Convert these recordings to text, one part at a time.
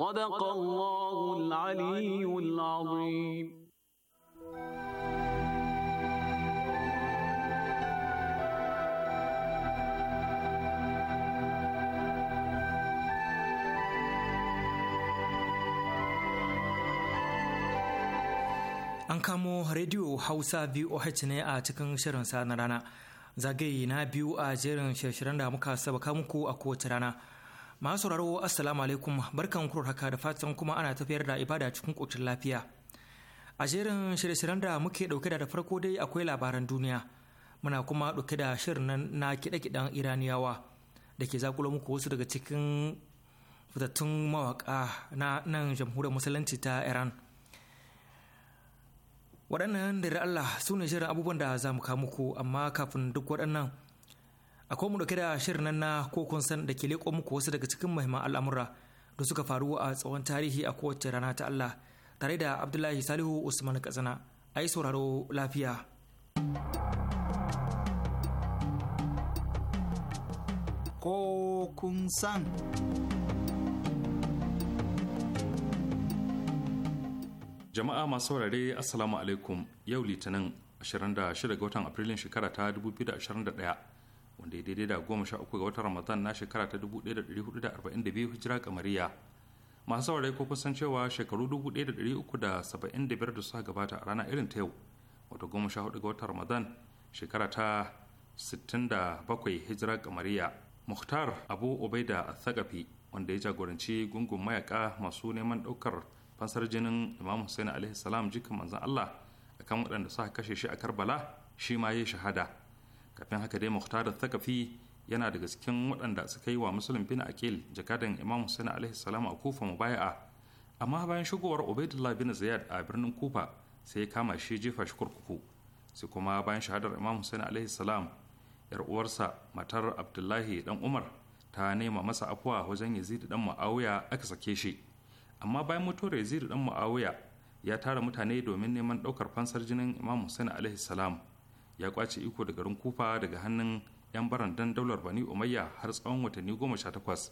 صدق الله العلي العظيم An kamo rediyo Hausa VOH ne a cikin shirin sa na rana. Zagaye na biyu a jerin shirshiren da muka saba muku a kowace rana. masu sauraro assalamu alaikum barkan kurar haka da fatan kuma ana tafiyar da ibada cikin kokin lafiya a jerin shirye-shiryen da muke ɗauke da farko dai akwai labaran duniya muna kuma ɗauke da shirin nan na kiɗe iraniyawa da ke zakulo muku wasu daga cikin fitattun mawaka na nan jamhuriyar musulunci ta iran waɗannan da Allah su ne shirin abubuwan da za mu kawo muku amma kafin duk waɗannan akwai mu dauke da shirin nan na ko kun san da ke leko muku wasu daga cikin muhimman al'amura da suka faru a tsawon tarihi a kowace rana ta Allah tare da Abdullahi Salihu Usman Katsina ai sauraro lafiya ko san jama'a masu saurare assalamu alaikum yau litinin 26 ga watan afrilun shekara ta 2021 wanda ya daidai da goma sha uku ga watan ramadan na shekara ta dubu ɗaya da da da hudu arba'in biyu hijira kamariya masu saurare ko kusan cewa shekaru ɗaya da uku da da da saba'in biyar suka gabata a rana irin ta yau wato goma sha hudu ga watan ramadan shekara ta sittin da bakwai hijira kamariya muhtar abu ubaida athagafi wanda ya jagoranci gungun mayaka masu neman ɗaukar fansar jinin imam hussein alaihi salam jikin manzon allah akan waɗanda suka kashe shi a karbala shi ma ya shahada kafin haka dai muhtar thakafi yana daga cikin waɗanda suka yi wa musulun bin akil jakadan imam hussein alaihi salam a kufa baya'a amma bayan shigowar ubaidullah bin ziyad a birnin kufa sai ya kama shi jefa shi kurkuku sai kuma bayan shahadar imam hussain alaihi salam yar uwarsa matar abdullahi dan umar ta nema masa afuwa wajen yazid dan muawiya aka sake shi amma bayan mutuwar yazid dan muawiya ya tara mutane domin neman ɗaukar fansar jinin imam hussain alaihi salam ya kwace iko da garin kufa daga hannun 'yan barandan daular bani umayya har tsawon watanni goma sha takwas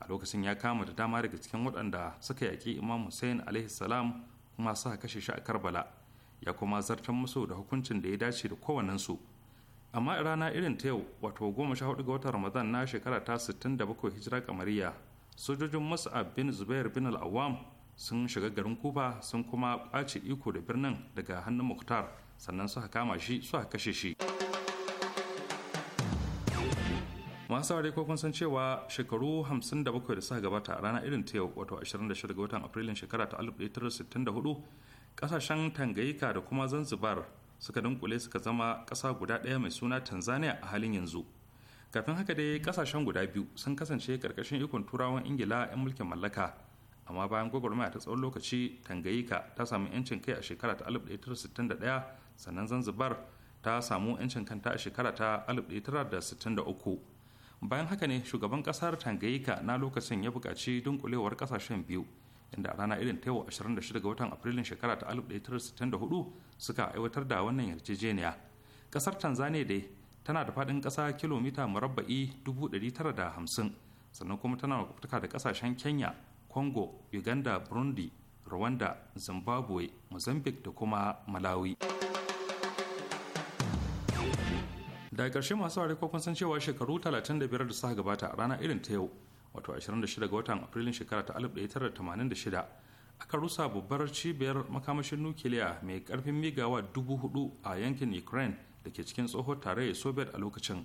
a lokacin ya kama da dama daga cikin waɗanda suka yaƙi imam hussein alaihi salam kuma suka kashe shi a karbala ya kuma zartan musu da hukuncin da ya dace da kowannensu amma a rana irin ta yau wato goma sha hudu ga watan ramadan na shekara ta sittin da bakwai hijira kamariya sojojin mus'ab bin zubair bin al'awam sun shiga garin kufa sun kuma ƙwace iko da birnin daga hannun muktar sannan suka kama shi suka kashe shi masu aure ko kun san cewa shekaru 57 da suka gabata a rana irin ta yau wato 26 ga watan afrilun shekara ta 1964 kasashen tangayika da kuma zanzibar suka dunkule suka zama kasa guda ɗaya mai suna tanzania a halin yanzu kafin haka dai kasashen guda biyu sun kasance karkashin ikon turawan ingila 'yan mulkin mallaka amma bayan gwagwarmaya ta tsawon lokaci tangayika ta samu 'yancin kai a shekara ta 1961 sannan zanzibar ta samu 'yancin kanta a shekara ta 1963 bayan haka ne shugaban kasar tangayika na lokacin ya buƙaci dunkulewar ƙasashen biyu inda a rana irin ta 26 ga watan afrilun shekara ta 1964 suka aiwatar da wannan yarjejeniya kasar tanzania dai tana da faɗin ƙasa kilomita murabba'i 950 sannan kuma tana makwabtaka da ƙasashen kenya congo uganda burundi rwanda zimbabwe mozambique da kuma malawi da ƙarshe masu ware ko san cewa shekaru 35 da suka gabata a rana irin ta yau wato 26 ga watan afrilun shekara ta 1986 aka rusa babbar cibiyar makamashin nukiliya mai karfin migawa 4,000 a yankin ukraine da ke cikin tsohon tarayyar soviet a lokacin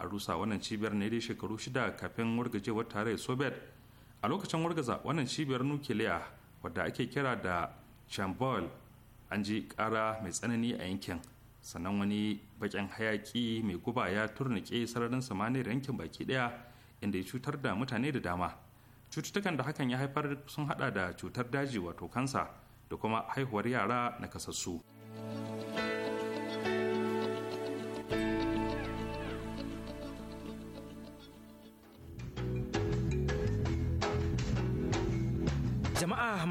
a rusa wannan cibiyar ne dai shekaru shida kafin wargajewar tarayyar soviet a lokacin wargaza wannan cibiyar nukiliya wadda ake kira da chambol an ji kara mai tsanani a yankin sannan wani bakin hayaƙi mai guba ya turnike sararin samaniyar yankin baki ɗaya inda ya cutar da mutane da dama cututtukan da hakan ya haifar sun hada da cutar daji wato kansa da kuma haihuwar yara na kasassu.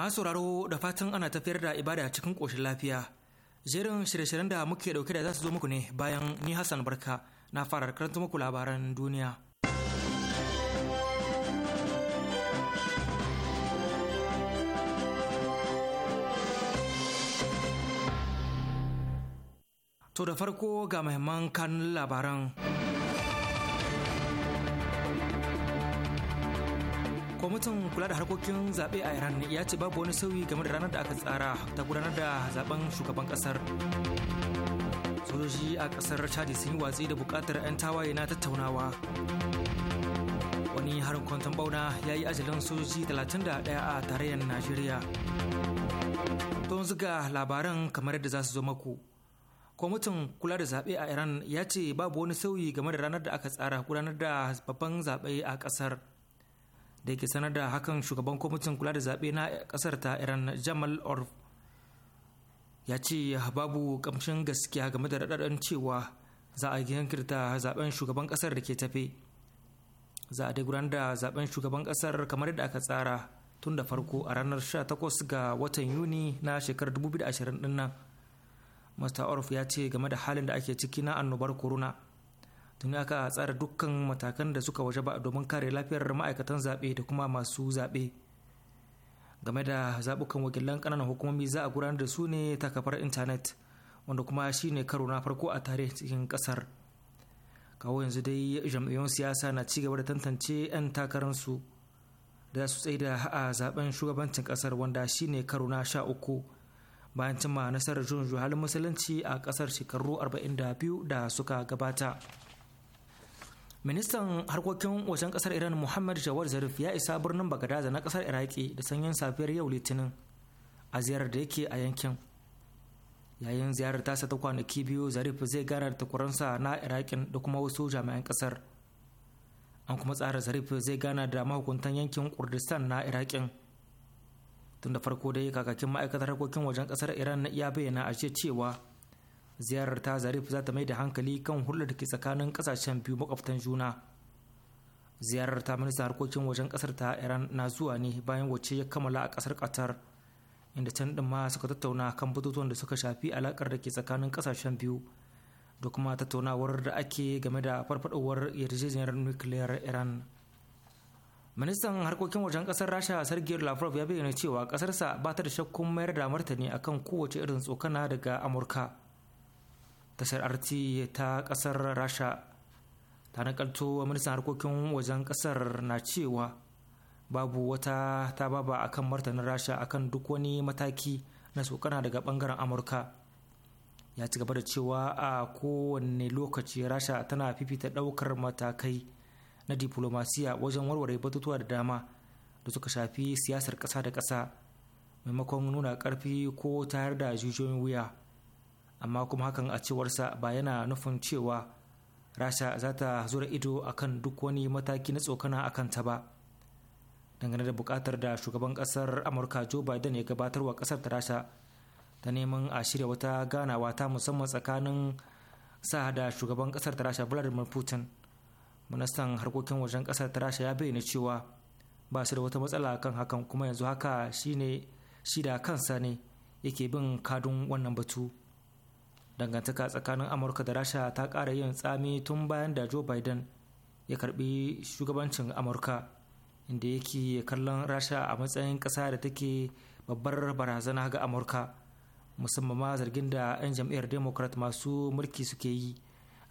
masu sauraro da fatan ana tafiyar da ibada cikin koshin lafiya jerin shirye-shiryen da muke dauke da za su zo muku ne bayan ni hassan barka na fara karanta muku labaran duniya to da farko ga mahimman kanun labaran kwamitin kula da harkokin zaɓe a iran ya ce babu wani sauyi game da ranar da aka tsara ta gudanar da zaben shugaban ƙasar sojoji a ƙasar chadi sun yi watsi da buƙatar 'yan tawaye na tattaunawa wani harin kwanton bauna ya yi ajalin sojoji 31 a tarayyar najeriya don ziga labaran kamar yadda za su zo maku kwamitin kula da zaɓe a iran ya ce babu wani sauyi game da ranar da aka tsara gudanar da babban zaɓe a ƙasar da ke sanar da hakan shugaban kwamitin kula da zaɓe na ƙasar ta iran jamal orf ya ce babu kamshin gaskiya game da raɗaɗin cewa za a yankirta zaben shugaban ƙasar da ke tafe za a dai gudanar da zaben shugaban ƙasar kamar yadda aka tsara tun da farko a ranar 18 ga watan yuni na shekarar 2020 nan mr orf ya ce game da halin da ake ciki na annobar corona tuni aka tsara dukkan matakan da suka waje ba domin kare lafiyar ma'aikatan zaɓe da kuma masu zaɓe game da zaɓukan wakilan ƙananan hukumomi za a gudanar da su ne ta kafar intanet wanda kuma shi ne karo na farko a tarihin cikin ƙasar kawo yanzu dai jam'iyyun siyasa na ci gaba da tantance 'yan takararsu da su da a zaben shugabancin ƙasar wanda shi ne karo na sha uku bayan cimma nasarar juyin halin musulunci a ƙasar shekaru arba'in da biyu da suka gabata. ministan harkokin wajen kasar iran muhammad jawar zarif ya isa birnin bagadaza na kasar iraki da sanyin safiyar yau litinin a ziyarar da yake a yankin yayin ziyarar tasa ta kwanaki biyu zarif zai gara da takwaransa na irakin da kuma wasu jami'an kasar an kuma tsara zarif zai gana da mahukuntan yankin kurdistan na irakin tun da farko dai kakakin ma'aikatar harkokin wajen kasar iran na iya bayyana a cewa ziyarar ta zarif za ta mai da hankali kan hulɗar da ke tsakanin kasashen biyu makwabtan juna ziyarar ta minista harkokin wajen kasar ta iran na zuwa ne bayan wacce ya kammala a kasar qatar inda can din ma suka tattauna kan batutuwan da suka shafi alakar da ke tsakanin kasashen biyu da kuma tattaunawar da ake game da farfadowar yarjejeniyar nukiliyar iran ministan harkokin wajen ƙasar rasha sargiyar lavrov ya bayyana cewa kasarsa ba ta da shakkun mayar da martani akan kowace irin tsokana daga amurka tashar arti ta kasar rasha ta nakalto ministan harkokin wajen kasar na cewa babu wata ta baba a kan martanin rasha a kan duk wani mataki na tsokana daga bangaren amurka ya ci gaba da cewa a kowane lokaci rasha tana fifita daukar matakai na diplomasiya wajen warware batutuwa da dama da suka shafi siyasar kasa da kasa maimakon nuna ƙarfi ko tayar da jijiyoyin wuya amma kuma hakan a cewarsa ba yana nufin cewa rasha za ta zura ido akan duk wani mataki na tsokana akan ta ba dangane da bukatar da shugaban kasar amurka joe biden ya gabatar wa kasar ta rasha ta neman a shirya wata ganawa ta musamman tsakanin sa da shugaban kasar ta rasha vladimir putin ministan harkokin wajen kasar ta rasha ya bayyana cewa ba su da wata matsala kan hakan kuma yanzu haka shine shi da kansa ne yake bin kadun wannan batu dangantaka tsakanin amurka da rasha ta kara yin tsami tun bayan da joe biden ya karbi shugabancin amurka inda yake kallon rasha a matsayin ƙasa da take babbar barazana ga amurka musamman ma zargin da 'yan jam'iyyar democrat masu mulki suke yi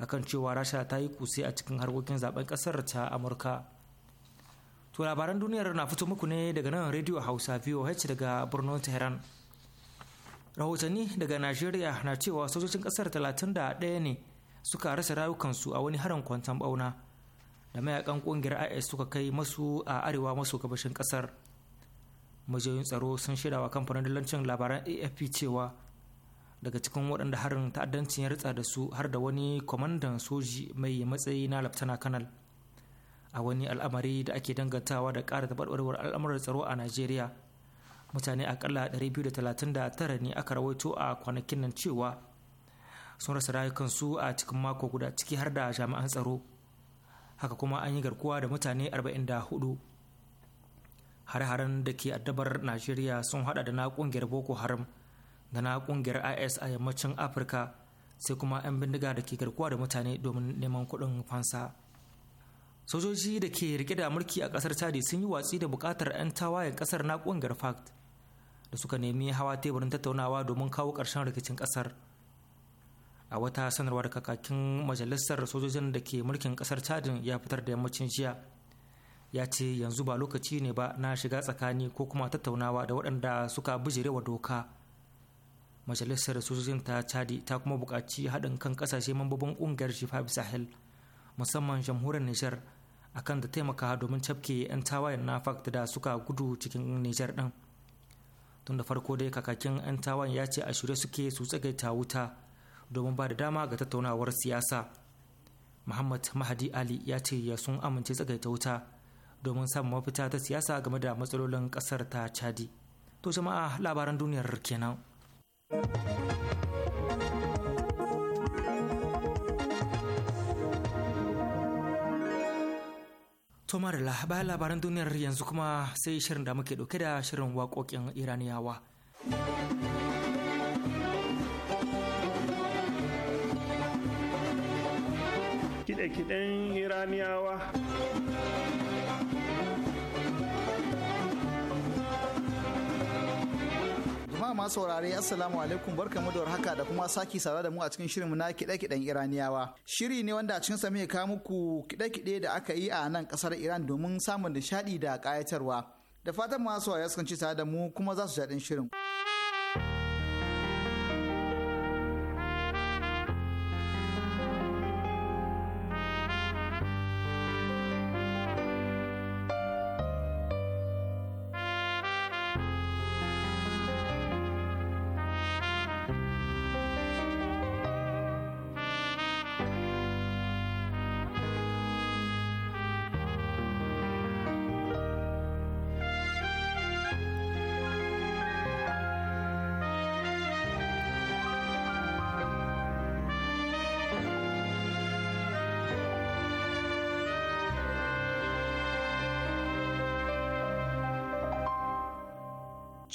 akan cewa rasha ta yi kuse a cikin harkokin zaben ƙasar ta amurka to labaran duniyar na fito muku ne daga nan radio hausa voh daga birnin tehran rahotanni daga najeriya na cewa sojojin kasar 31 ne suka rasa rayukansu a wani harin kwantan bauna da mayakan kungiyar is suka kai masu a arewa maso gabashin kasar majiyoyin tsaro sun shaida kamfanin dalancin labaran afp cewa daga cikin waɗanda harin ta'addancin ya ritsa da su har da wani kwamandan soji mai matsayi na laftana kanal a wani al'amari da ake dangantawa da ƙara tabarwarwar al'amuran tsaro a najeriya mutane akalla 239 ne aka rawaito a kwanakin nan cewa sun rasa rayukansu a cikin mako guda ciki har da jami'an tsaro haka kuma an yi garkuwa da mutane 44 hare-haren da ke addabar najeriya sun hada da na kungiyar boko haram da na kungiyar is a yammacin afirka sai kuma 'yan bindiga da ke garkuwa da mutane domin neman kuɗin fansa sojoji da ke rike da mulki a ƙasar chadi sun yi watsi da bukatar 'yan tawayen ƙasar na kungiyar fact da suka nemi hawa teburin tattaunawa domin kawo ƙarshen rikicin ƙasar a wata sanarwar kakakin majalisar sojojin da ke mulkin ƙasar chadin ya fitar da yammacin jiya ya ce yanzu ba lokaci ne ba na shiga tsakani ko kuma tattaunawa da waɗanda suka bijirewa doka majalisar sojojin ta chadi ta kuma buƙaci haɗin kan ƙasashe mambobin ƙungiyar shifab sahel musamman jamhuriyar nijar akan da taimaka domin cafke 'yan tawayen nafak da suka gudu cikin nijar ɗin tun da farko dai kakakin 'yan tawan ya ce a shirye suke su tsagaita wuta domin ba da dama ga tattaunawar siyasa muhammad mahadi ali ya ce ya sun amince tsagaita wuta domin samun mafita ta siyasa game da matsalolin kasar ta chadi to jama'a labaran duniyar kenan tomar bayan labaran duniyar yanzu kuma sai shirin da muke dauke da shirin waƙoƙin iraniyawa Kide-kiden iraniyawa masu saurare assalamu alaikum barkamu da warhaka da kuma saki saurara da mu a cikin shirinmu na kiɗe-kiɗen iraniyawa shiri ne wanda a cikin sa muke kawo muku kiɗe-kiɗe da aka yi a nan kasar iran domin samun nishaɗi da kayatarwa da fatan masu saurare su kanci tare da mu kuma za su jaɗin shirin.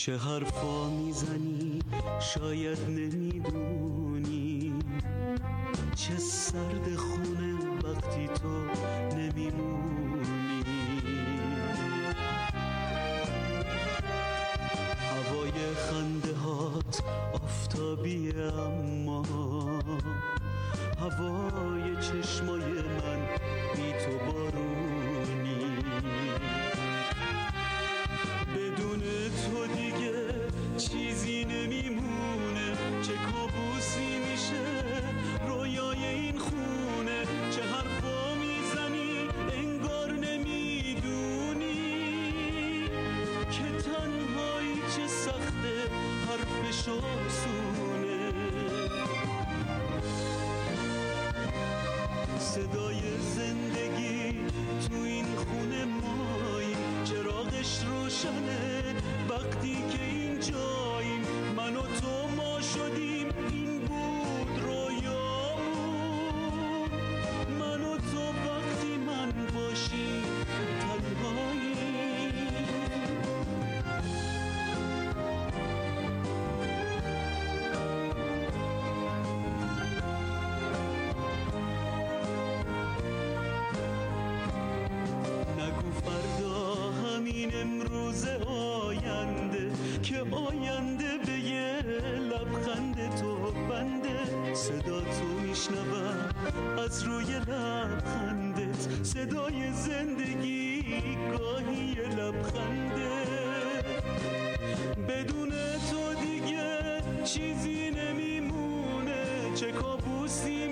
چه حرفا میزنی شاید نمیدونی چه سرد خونه وقتی تو صدای زندگی گاهی لبخنده بدون تو دیگه چیزی نمیمونه چه کابوسی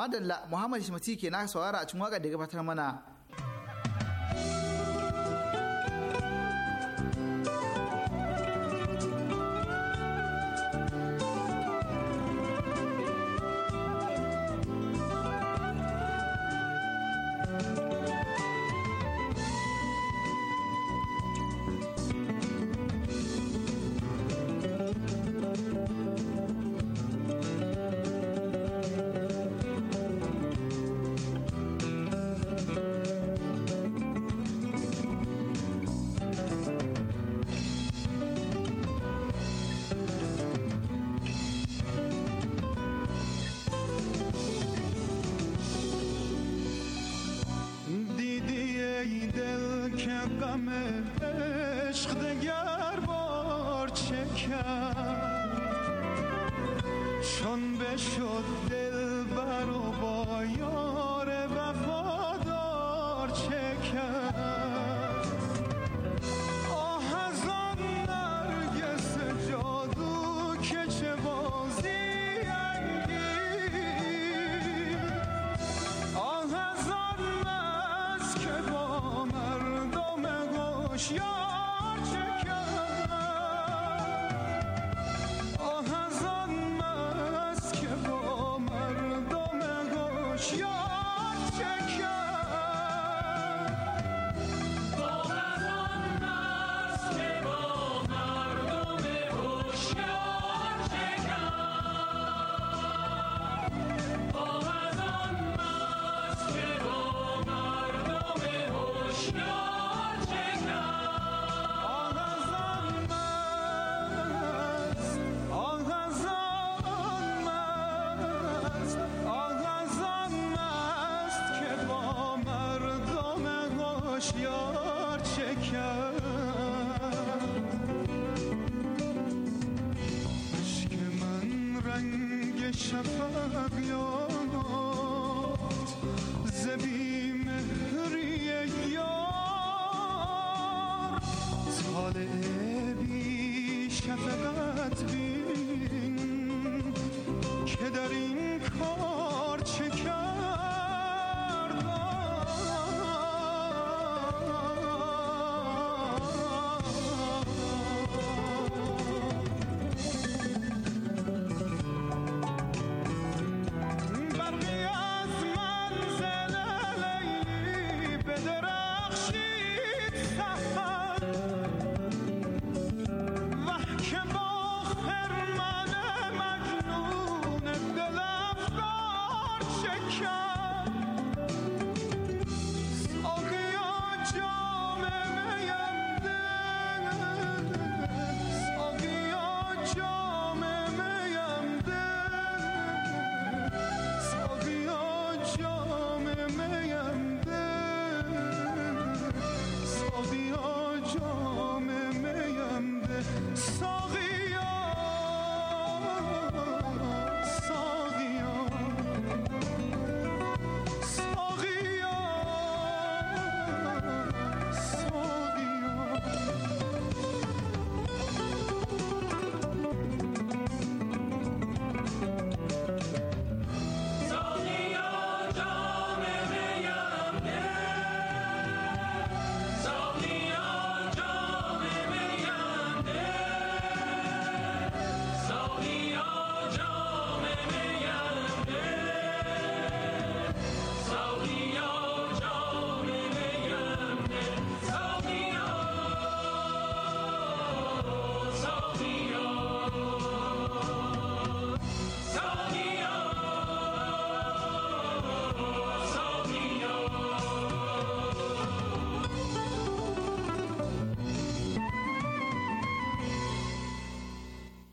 madalla muhammad shimati ke na saurara a cikin waka da ya gabatar mana غم عشق دگر بار چه کرد چون بشد Rush, 지켜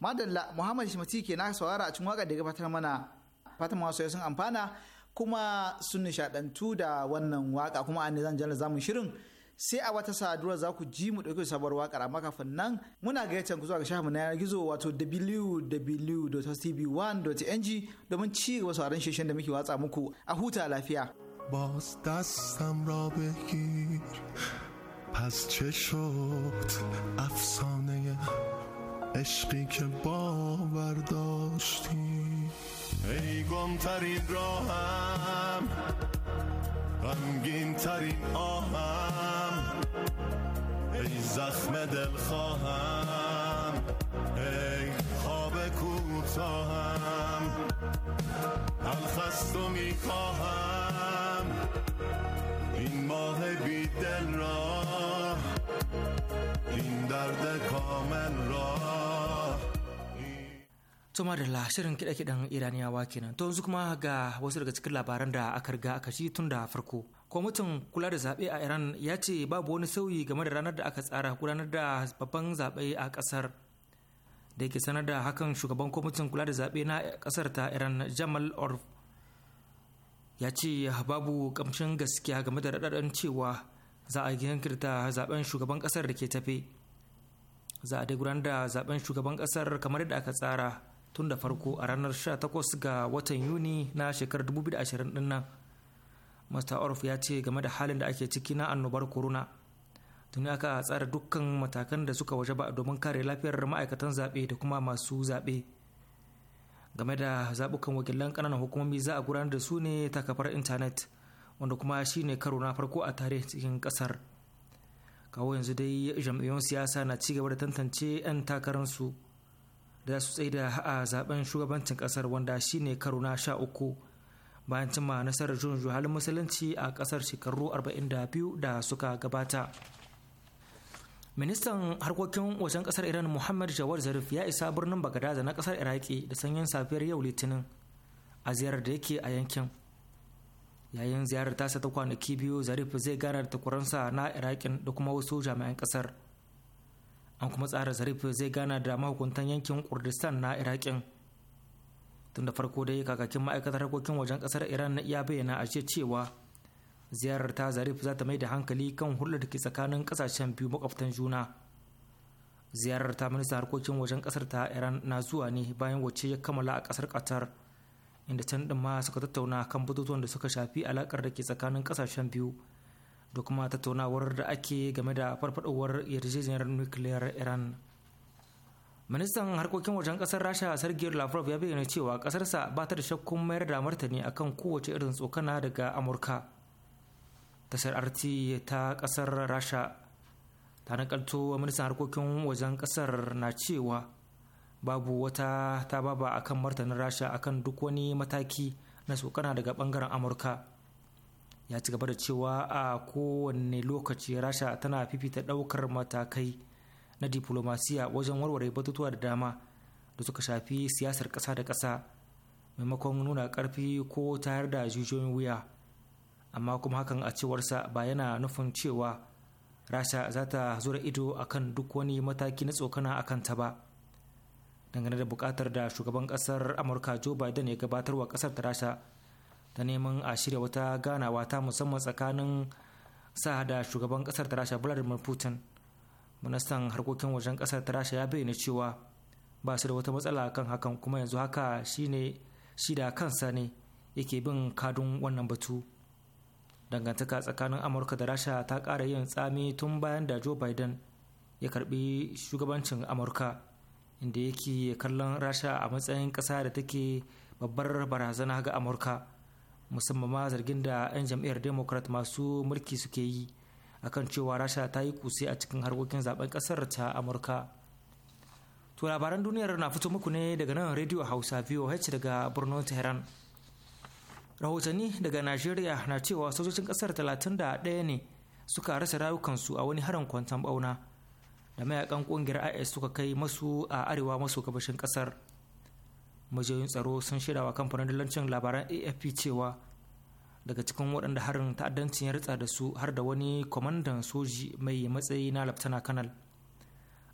madalla muhammad shimati ke na saurara a cikin waka da gabatar mana fatan masu sun amfana kuma sun nishadantu da wannan waka kuma an ne zan jana zamun shirin sai a wata saduwar za ku ji mu ɗauki sabuwar wakar amma kafin nan muna gayyatar ku zuwa ga shafin na gizo wato www.tv1.ng domin ci gaba sauran sheshen da muke watsa muku a huta lafiya. باز دستم را بگیر پس چه شد افسانه عشقی که باور داشتی ای گم ترین راهم غمگین ترین آهم ای زخم دل خواهم ای خواب کوتاهم خست و میخواهم Tuma da shirin kiɗe-kiɗen Iraniyawa kenan. To yanzu kuma ga wasu daga cikin labaran da aka riga aka shi tun da farko. Kwamitin kula da zaɓe a Iran ya ce babu wani sauyi game da ranar da aka tsara gudanar da babban zaɓe a ƙasar. Da ke sanar da hakan shugaban kwamitin kula da zaɓe na ƙasar ta Iran Jamal Orf ya ce babu ƙamshin gaskiya game da raɗaɗin cewa za a yankirta zaɓen shugaban ƙasar da ke tafe. Za a dai gudanar da zaɓen shugaban ƙasar kamar da aka tsara tun da farko a ranar 18 ga watan yuni na shekarar 2020 dinnan nan mr orf ya ce game da halin da ake ciki na annobar corona tuni aka tsara dukkan matakan da suka waje ba domin kare lafiyar ma'aikatan zaɓe da kuma masu zaɓe game da zaɓukan wakilan ƙananan hukumomi za a gudanar da su ne ta kafar intanet wanda kuma shi ne karo na farko a tare cikin ƙasar kawo yanzu dai jam'iyyun siyasa na ci gaba da tantance 'yan takararsu da su da a zaben shugabancin kasar wanda shine karo na sha uku bayan cimma nasarar jin halin musulunci a kasar shekaru 42 da suka gabata ministan harkokin wajen kasar iran muhammad jawar zarif ya isa birnin bagadaza na kasar iraki da sanyin safiyar yau litinin a ziyarar da yake a yankin yayin ziyarar tasa ta kwanaki biyu zarif zai gana da takwaransa na irakin da kuma wasu jami'an kasar an kuma tsara zarif zai gana da mahukuntan yankin kurdistan na iraƙin tun da farko dai kakakin ma'aikatar harkokin wajen kasar iran na iya bayyana a cewa ziyarar ta zarif za ta mai da hankali kan hulɗar da ke tsakanin kasashen biyu makwabtan juna ziyarar ta ministan harkokin wajen kasar ta iran na zuwa ne bayan wacce ya kammala a kasar qatar inda can ɗin ma suka tattauna kan batutuwan da suka shafi alaƙar da ke tsakanin kasashen biyu da kuma tattaunawar da ake game da farfadowar yarjejeniyar nukiliyar iran ministan harkokin wajen kasar rasha sergei lavrov ya bayyana cewa kasarsa ba ta da shakkun mayar da martani akan kowace irin tsokana daga amurka tashar rt ta kasar rasha ta nakalto ministan harkokin wajen kasar na cewa babu wata ta baba akan martanin rasha akan duk wani mataki na tsokana daga bangaren amurka ya ci gaba da cewa a kowane lokaci rasha tana fifita daukar matakai na diplomasiya wajen warware batutuwa da dama da suka shafi siyasar ƙasa da ƙasa maimakon nuna karfi ko tayar da jijiyoyin wuya amma kuma hakan a cewarsa ba yana nufin cewa rasha za ta zura ido akan duk wani mataki na tsokana a kanta ba dangane da bukatar da shugaban ƙasar amurka joe biden ya gabatar wa ƙasar ta rasha ta neman a shirya wata ganawa ta musamman tsakanin sa da shugaban kasar rasha vladimir putin ministan harkokin wajen kasar rasha ya bayyana cewa ba su da wata matsala kan hakan kuma yanzu haka shine shi da kansa ne yake bin kadun wannan batu dangantaka tsakanin amurka da rasha ta kara yin tsami tun bayan da joe biden ya karbi shugabancin amurka inda yake kallon rasha a matsayin ƙasa da take babbar barazana ga amurka musamman ma zargin da 'yan jam'iyyar democrat masu mulki suke yi akan cewa rasha ta yi kusai a cikin harkokin zaben kasar ta amurka to labaran duniyar na fito muku ne daga nan radio hausa voh daga birnin tehran rahotanni daga nigeria na cewa sojojin kasar 31 ne suka rasa rayukansu a wani harin kwantan bauna da mayakan kungiyar is suka kai masu a arewa maso gabashin kasar majiyoyin tsaro sun shirya wa kamfanin dalancin labaran afp cewa daga cikin waɗanda harin ta'addancin ya ritsa da su har da wani kwamandan soji mai matsayi na laftana kanal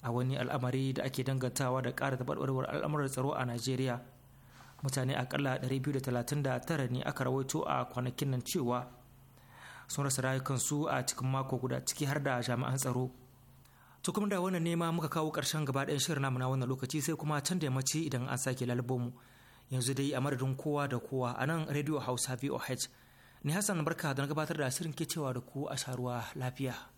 a wani al'amari da ake dangantawa da ƙara tabbatarwar al'amuran tsaro a najeriya mutane akalla 239 ne aka rawaito a kwanakin nan cewa sun rasa rayukansu a cikin mako guda ciki har da jami'an tsaro To kuma da wannan nema muka kawo ƙarshen gaba ɗayan shirin namu na wannan lokaci sai kuma can da yammaci idan an sake lalubo mu. Yanzu dai a madadin kowa da kowa a nan Radio Hausa VOH. ne Hassan Barka don gabatar da shirin ke cewa da ku a sharuwa lafiya.